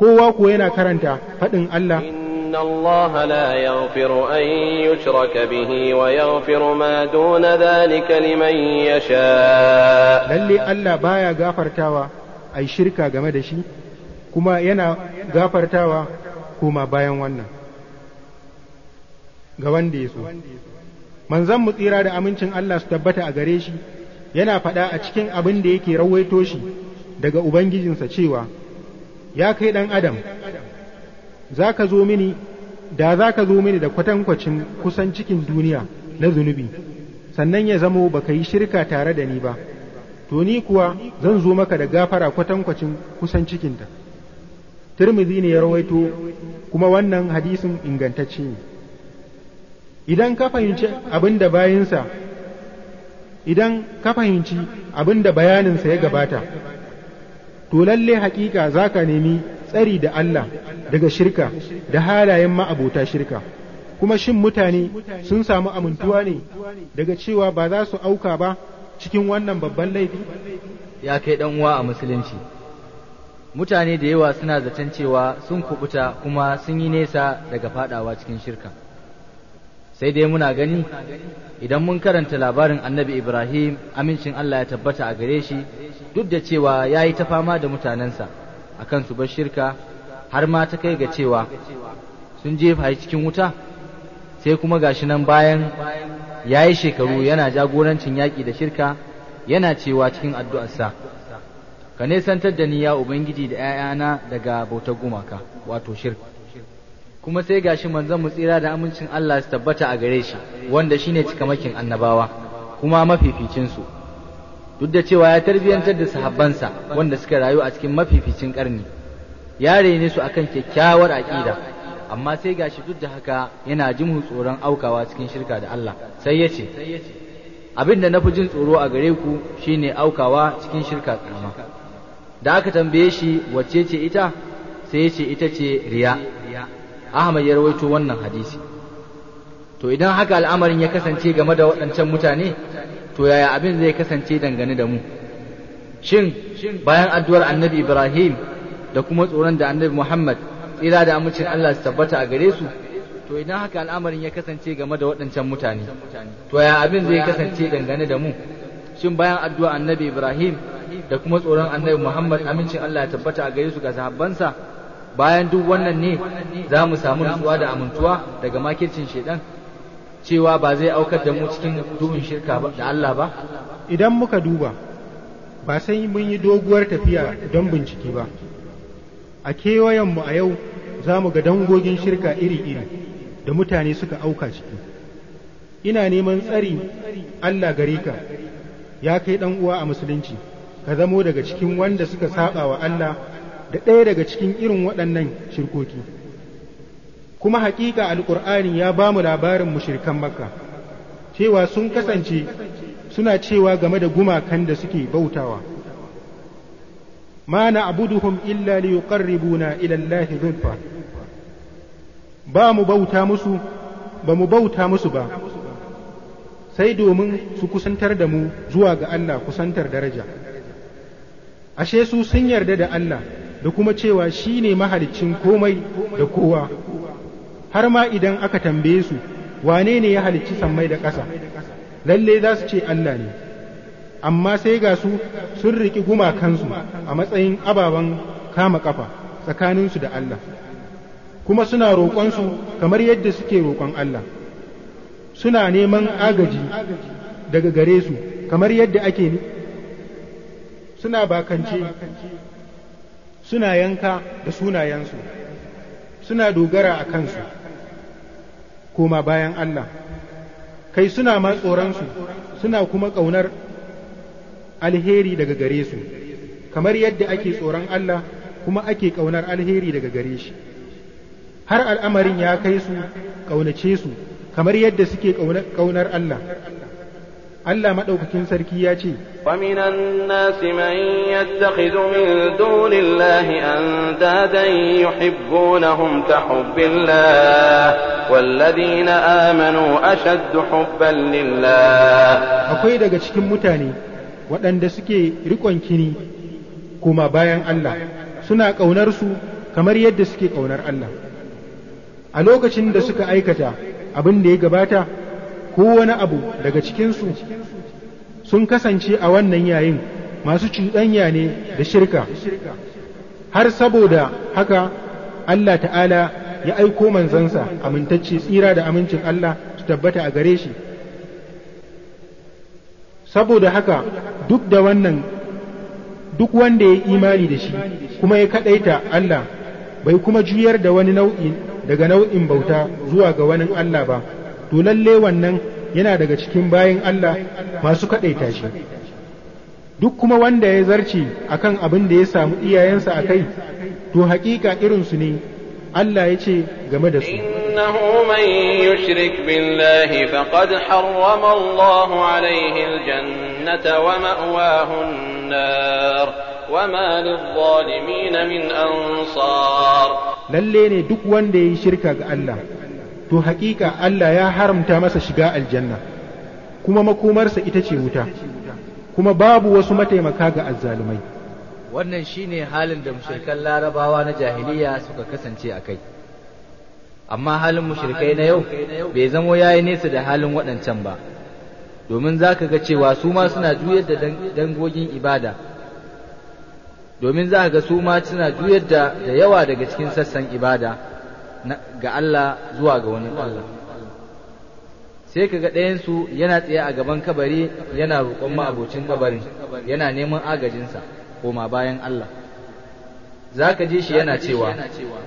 kowa ko yana karanta faɗin Allah innallaha la yaghfiru an yushraka bihi wa yaghfiru ma duna zalika liman yasha lalle Allah baya gafartawa ai shirka game da shi kuma yana gafartawa kuma bayan wannan ga wanda yaso manzan mu tsira da amincin Allah su tabbata a gare shi yana faɗa a cikin abin da yake rawaito shi daga ubangijinsa cewa ya kai ɗan adam za ka zo mini da za ka zo mini da kwatankwacin kusan cikin duniya na zunubi sannan ya zamo ba ka yi shirka tare da ni ba to ni kuwa zan zo maka da gafara kwatankwacin kusan cikinta turmizi ne ya rawaito kuma wannan hadisin ingantacce ne idan ka fahimci abin da bayinsa idan ka fahimci abin da bayaninsa ya gabata to lalle hakika za ka nemi tsari da Allah daga shirka da halayen ma'abota shirka kuma shin mutane sun samu amintuwa ne daga cewa ba za su auka ba cikin wannan babban laifi ya kai dan uwa a musulunci mutane da yawa suna zaton cewa sun kuɓuta kuma sun yi nesa daga fadawa cikin shirka sai dai muna gani idan mun karanta labarin annabi ibrahim amincin allah ya tabbata a gare shi duk da cewa ya yi ta fama da mutanensa a kan su bar shirka har ma ta kai ga cewa sun jefa cikin wuta sai kuma gashi nan bayan ya yi shekaru yana jagorancin yaƙi da shirka yana cewa cikin addu'arsa ka nesantar da ni ya ubangiji da ‘ya'yana daga bautar gumaka wato shirka kuma sai gashi manzon mu tsira da amincin Allah su tabbata a gare shi wanda shine cikamakin annabawa kuma mafificin su duk da cewa ya tarbiyantar da sahabbansa wanda suka rayu a cikin mafificin karni ya rene su akan kyakkyawar aqida amma sai gashi duk da haka yana jin tsoron aukawa cikin shirka da Allah sai ya ce abin da nafi jin tsoro a gare ku shine aukawa cikin shirka tsama da aka tambaye shi wacce ce ita sai ya ce ita ce riya Ahmad ya rawaito wannan hadisi to idan haka al'amarin ya kasance game da waɗancan mutane to yaya abin zai kasance dangane da mu shin bayan addu'ar annabi Ibrahim da kuma tsoron da annabi Muhammad tsira da amincin Allah su tabbata a gare su to idan haka al'amarin ya kasance game da waɗancan mutane to yaya abin zai kasance dangane da mu shin bayan addu'ar annabi Ibrahim da kuma tsoron annabi Muhammad amincin Allah ya tabbata a gare su ga sahabbansa bayan duk wannan ne za mu samu nutsuwa da amintuwa daga makircin shaidan cewa ba zai aukar da mu cikin duhun shirka da Allah ba idan muka duba ba sai mun yi doguwar tafiya don bincike ba a kewayenmu a yau za mu ga dangogin shirka iri-iri da mutane suka auka ciki ina neman tsari Allah gare ka ya kai ɗan uwa a musulunci ka zamo daga cikin wanda suka saba wa Allah da ɗaya daga cikin irin waɗannan shirkoki kuma haƙiƙa alƙur'ani ya ba mu labarin mushrikan makka cewa sun kasance suna cewa game da gumakan da suke bautawa ma na abuduhum illa liyuqarribuna ila Allahi zulfa ba mu bauta musu ba mu bauta musu ba sai domin su kusantar da mu zuwa ga Allah kusantar daraja ashe su sun yarda da Allah da kuma cewa shi ne mahalicin komai da kowa har ma idan aka tambaye su wane ne ya halicci sammai da ƙasa lalle za su ce Allah ne amma sai ga su sun riƙi gumakansu a matsayin ababen kama ƙafa tsakaninsu da Allah kuma suna roƙonsu kamar yadda suke roƙon Allah suna neman agaji daga gare su kamar yadda ake suna bakance suna yanka da sunayensu suna dogara a kansu koma bayan Allah kai suna ma tsoronsu suna kuma ƙaunar alheri daga gare su kamar yadda ake tsoron Allah kuma ake ƙaunar alheri daga gare shi har al'amarin ya kai su ƙaunace su kamar yadda suke ƙaunar Allah Allah maɗaukakin sarki ya ce, Waminan nasi man yattakhidhu min dunillahi andadan yuhibbunahum ka hubbillah walladhina amanu ashaddu hubban lillah Akwai daga cikin mutane waɗanda suke riƙon kini kuma bayan Allah suna ƙaunar su kamar yadda suke ƙaunar Allah. A lokacin da suka aikata abin da ya gabata ko wani abu daga cikinsu sun kasance a wannan yayin masu cuɗanya ne da shirka har saboda haka Allah ta'ala ya aiko manzansa amintacce tsira da amincin Allah su tabbata a gare shi saboda haka duk da wannan duk wanda ya imani da shi kuma ya kaɗaita Allah bai kuma juyar da wani nau'in daga nau'in bauta zuwa ga wani Allah ba to lalle wannan yana daga cikin bayin Allah masu kaɗaita shi duk kuma wanda ya zarce akan abin da ya samu iyayensa a kai to haƙiƙa irinsu ne Allah ya ce game da su إنه من يشرك بالله فقد حرم الله عليه الجنة ومأواه النار وما للظالمين من أنصار للي دك وان دي شركة الله to haƙiƙa Allah ya haramta masa shiga aljanna kuma makomarsa ita ce wuta kuma babu wasu mataimaka ga azzalumai wannan shine halin da mushrikan larabawa na jahiliya suka kasance a kai amma halin mushrikai na yau bai zamo yayi nesa da halin waɗancan ba domin za ka ga cewa su ma suna juyar da dangogin ibada domin za ga su ma suna juyar da yawa daga cikin sassan ibada ga Allah zuwa ga wani Allah sai kaga ɗayansu yana tsaye a gaban kabari yana roƙon ma'abocin kabarin yana neman agajinsa koma bayan Allah za ka ji shi yana cewa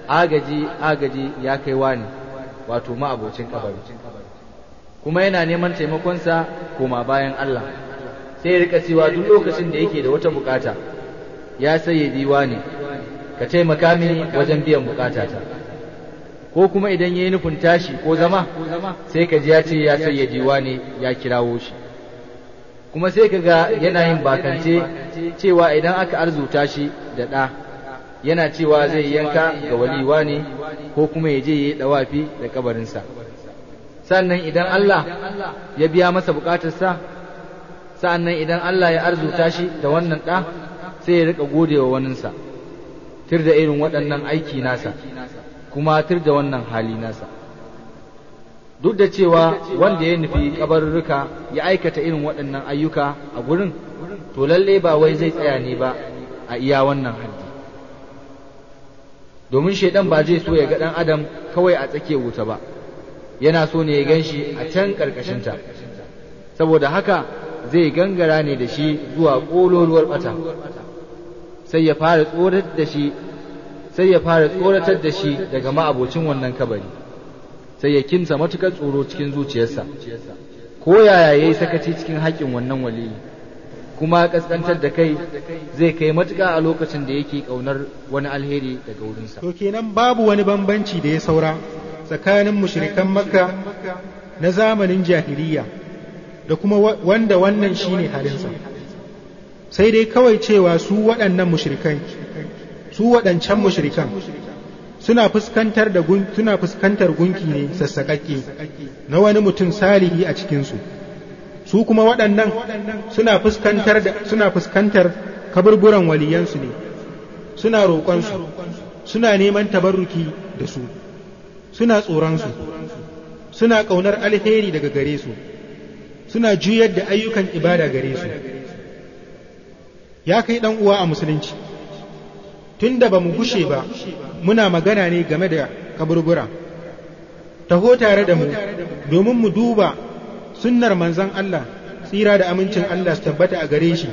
agaji agaji ya kai wani wato ma'abocin kabari kuma yana neman taimakonsa koma bayan Allah sai rika cewa duk lokacin da yake da wata bukata ya diwa ne. ka taimaka mini wajen biyan bukatata ko kuma idan ya yi nufin tashi ko zama sai ka ji ya ce ya sayyadi ne ya kirawo shi kuma sai ka ga yana yin bakance cewa idan aka arzuta shi da ɗa yana cewa zai yanka ga waliwa ne ko kuma ya je ya yi ɗawafi da kabarinsa sannan idan Allah ya biya masa bukatarsa sannan idan Allah ya arzuta shi da wannan ɗa sai ya riƙa gode wa waninsa tir da irin waɗannan aiki nasa kuma tur da wannan hali nasa duk da cewa wanda ya nufi kabarurruka ya aikata irin waɗannan ayyuka a gurin to lalle ba wai zai tsaya ne ba a iya wannan haddi domin shaidan ba zai so ya ga ɗan adam kawai a tsake wuta ba yana so ne ya ganshi a can ƙarƙashinta saboda haka zai gangara ne da shi zuwa ƙololuwar bata sai ya fara tsorar da shi sai ya fara tsoratar da shi daga ma'abocin wannan kabari sai ya kinsa matukar tsoro cikin zuciyarsa ko yaya yayi sakaci cikin haƙƙin wannan waliyi kuma ƙasƙantar da kai zai kai matuƙa a lokacin da yake ƙaunar wani alheri daga wurinsa. To kenan babu wani bambanci da ya saura tsakanin mushrikan Makka na zamanin jahiliya da kuma wanda wannan shine halinsa. Sai dai kawai cewa su waɗannan mushrikan su waɗancan mushrikan suna fuskantar da suna fuskantar gunki ne sassaƙaƙƙe na wani mutum salihi a cikinsu su kuma waɗannan suna fuskantar da suna fuskantar kaburburan waliyansu ne suna roƙonsu suna neman tabarruki da su suna tsoronsu suna ƙaunar alheri daga gare su suna juyar da ayyukan ibada gare su ya kai ɗan uwa a musulunci tunda ba mu gushe ba muna magana ne game da kaburbura taho tare da mu domin mu duba sunnar manzan Allah tsira da amincin Allah su tabbata a gare shi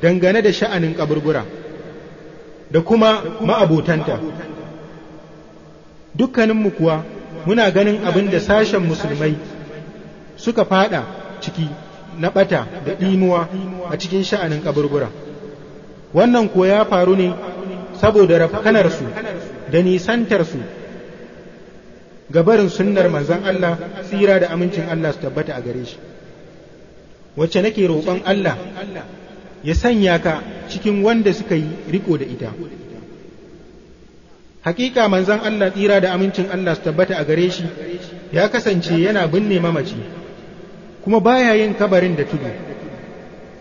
dangane da sha'anin kaburbura da kuma ma'abotanta dukkaninmu kuwa muna ganin abin da sashen musulmai suka fada ciki na bata da ɗimuwa a cikin sha'anin kaburbura wannan kuwa ya faru ne saboda rafkanarsu da nisantarsu ga barin sunnar manzon Allah tsira da amincin Allah su tabbata a gare shi wacce nake roƙon Allah ya sanya ka cikin wanda suka yi riko da ita hakika manzon Allah tsira da amincin Allah su tabbata a gare shi ya kasance yana binne mamaci kuma baya yin kabarin da tudu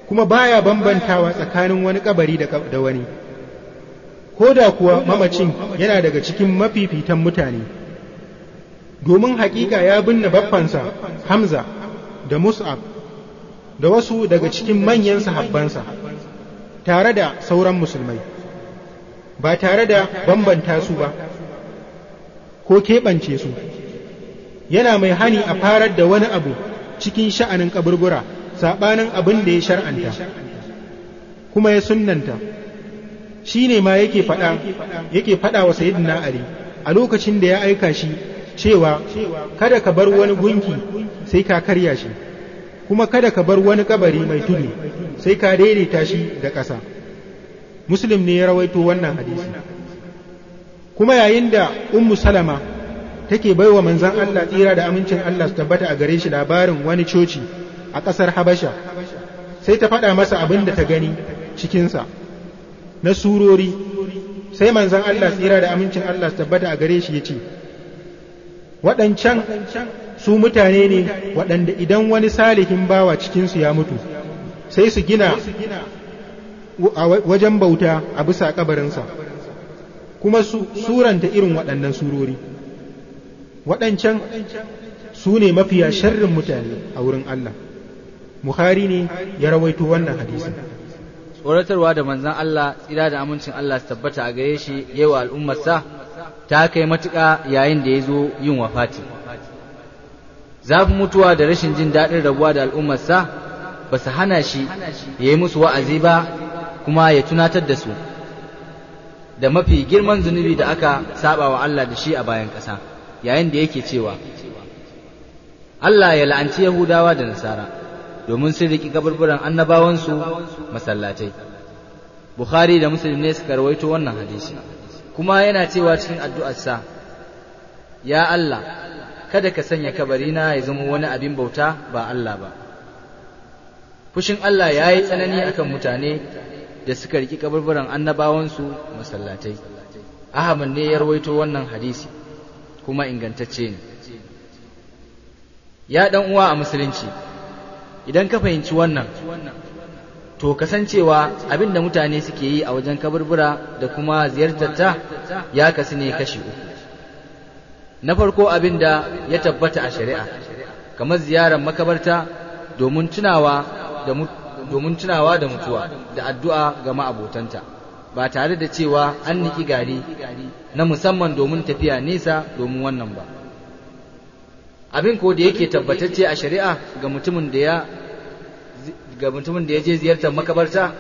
kuma baya bambantawa tsakanin wani kabari da wani ko da kuwa mamacin yana daga cikin mafifitan mutane domin haƙiƙa ya binne baffansa hamza da mus'ab da wasu daga cikin manyan sahabbansa tare da sauran musulmai ba tare da bambanta su ba ko keɓance su yana mai hani a farar da wani abu cikin sha'anin kaburbura saɓanin abin da ya shar'anta kuma ya sunanta. Shi ne ma yake faɗa yake faɗa wa sayyidina ali a lokacin da ya aika shi cewa kada ka bar wani gunki sai ka karya shi kuma kada ka bar wani kabari mai tudu sai ka daidaita shi da ƙasa muslim ne ya rawaito wannan hadisi kuma yayin da ummu salama take baiwa manzon Allah tsira da amincin Allah su tabbata a gare shi labarin wani coci a ƙasar Habasha sai ta faɗa masa abin da ta gani cikinsa na surori sai manzon Allah tsira da amincin Allah tabbata a gare shi ya ce waɗancan su mutane ne waɗanda idan wani salihin bawa cikinsu ya mutu sai su gina wajen bauta a bisa kabarinsa kuma su suranta irin waɗannan surori waɗancan su ne mafiya sharrin mutane a wurin Allah Bukhari ne ya rawaito wannan hadisin tsoratarwa da manzan Allah tsira da amincin Allah su tabbata a gare shi yawa al'ummarsa ta kai matuƙa yayin da ya zo yin wafati zafin mutuwa da rashin jin daɗin rabuwa da al'ummarsa ba su hana shi ya yi musu wa'azi ba kuma ya tunatar da su da mafi girman zunubi da aka saba wa Allah da shi a bayan ƙasa yayin da yake cewa Allah ya la'anci Yahudawa da Nasara domin sun riki kaburburan annabawansu masallatai bukhari da muslim ne suka rawaito wannan hadisi kuma yana cewa cikin addu'arsa ya Allah kada ka sanya kabarina ya zama wani abin bauta ba Allah ba fushin Allah ya yi tsanani akan mutane da suka riki kaburburan annabawansu masallatai Ahmad ne ya rawaito wannan hadisi kuma ingantacce ne ya ɗan uwa a musulunci idan ka fahimci wannan to kasancewa da mutane suke yi a wajen kaburbura da kuma ziyartar ta ya kasu ne kashi uku na farko abin da ya tabbata a shari'a kamar ziyarar makabarta domin tunawa da domin tunawa da mutuwa da addu'a ga ma'abotanta ba tare da cewa an niki gari na musamman domin tafiya nesa domin wannan ba abin ko da yake tabbatacce a shari'a ga mutumin da ya ga mutumin da ya je ziyartar makabarta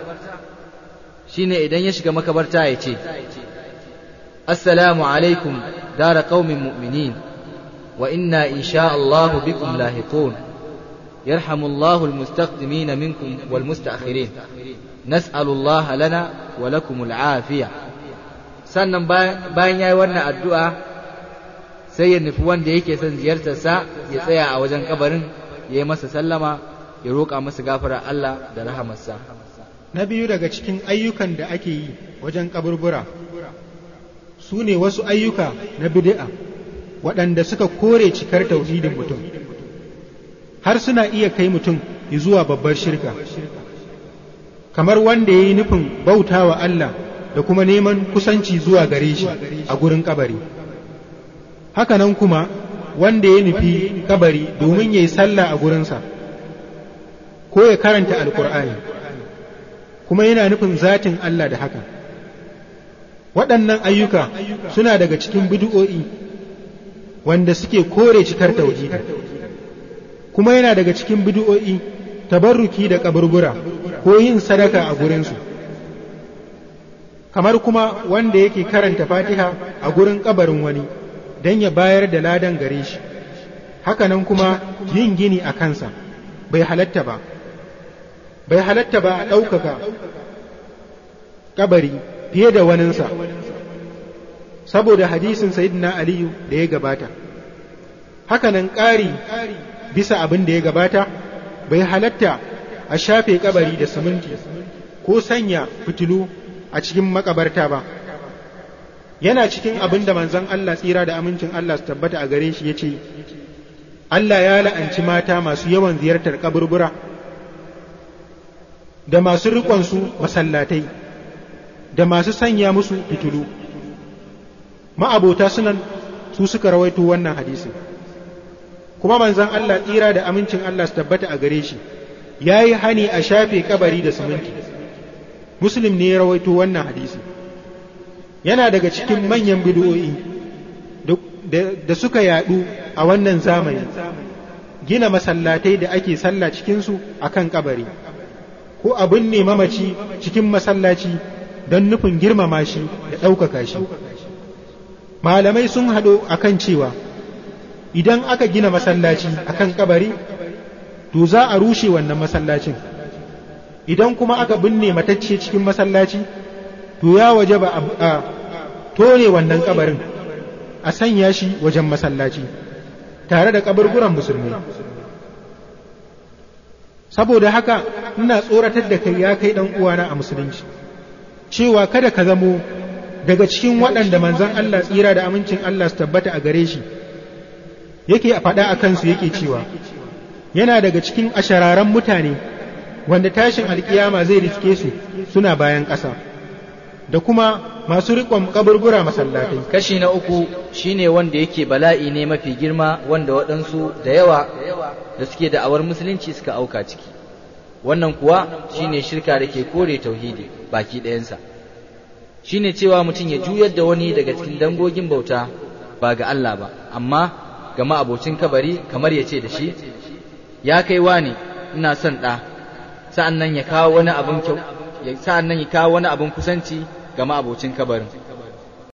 shine idan ya shiga makabarta ya ce assalamu alaikum dara qaumin mu'minin wa inna insha Allahu bikum lahiqun يرحم الله المستقدمين منكم والمستأخرين نسأل الله لنا ولكم العافية sannan bayan yayi wannan addu'a sai ya nufi wanda yake son ziyartarsa ya tsaya a wajen kabarin ya yi masa sallama ya roƙa masa gafara Allah da rahamarsa na biyu daga cikin ayyukan da ake yi wajen kaburbura su ne wasu ayyuka na bid'a waɗanda suka kore cikar tauhidin mutum har suna iya kai mutum zuwa babbar shirka kamar wanda ya yi nufin bautawa Allah da kuma neman kusanci zuwa gare shi a gurin kabari. Haka nan kuma wanda ya nufi kabari domin ya yi sallah a gurinsa ko ya karanta alkur'ani kuma yana nufin zatin Allah da haka. waɗannan ayyuka suna daga cikin bidu'o'i wanda suke kore cikar tauhidi kuma yana daga cikin bidu'o'i tabarruki da kaburbura ko yin sadaka a gurinsu kamar kuma wanda yake karanta fatiha a gurin kabarin wani don ya bayar da ladan gare shi hakanan kuma yin gini a kansa bai halatta ba bai halatta ba a ɗaukaka kabari fiye da waninsa saboda hadisin sayidina aliyu da ya gabata hakanan ƙari bisa abin da ya gabata bai halatta a shafe ƙabari da siminti ko sanya fitilu a cikin makabarta ba yana cikin abin da manzon Allah tsira da amincin Allah su tabbata a gare shi yace Allah ya la'anci mata masu yawan ziyartar kaburbura da masu riƙon su masallatai da masu sanya musu fitilu ma'abota sunan su suka rawaito wannan hadisi kuma manzon Allah tsira da amincin Allah su tabbata a gare shi yayi hani a shafe kabari da siminti muslim ne ya rawaito wannan hadisi yana daga cikin manyan bid'o'i da suka yaɗu a wannan zamani gina masallatai da ake sallah cikinsu a kan kabari ko abin ne mamaci cikin masallaci don nufin girmama shi da ɗaukaka shi malamai sun haɗo a kan cewa idan aka gina masallaci a kan kabari to za a rushe wannan masallacin idan kuma aka binne matacce cikin masallaci to ya waje ba a tone wannan kabarin a sanya shi wajen masallaci tare da kaburguran musulmi saboda haka ina tsoratar da kai ya kai dan uwana a musulunci cewa kada ka zamo daga cikin waɗanda manzon Allah tsira da amincin Allah su tabbata a gare shi yake a faɗa a kansu yake cewa yana daga cikin ashararan mutane wanda tashin alkiyama zai riske su suna bayan ƙasa da kuma masu riƙon kaburbura masallatai kashi na uku shine wanda yake bala'i ne mafi girma wanda waɗansu da yawa da suke da'awar musulunci suka auka ciki wannan kuwa shine shirka da ke kore tauhidi baki ɗayansa shine cewa mutum ya juyar da wani daga cikin dangogin bauta ba ga Allah ba amma ga abocin kabari kamar ya ce da shi ya kai ne ina son ɗa sa'an nan ya kawo wani abin kyau sa'an nan ya kawo wani abin kusanci ga ma'abocin kabarin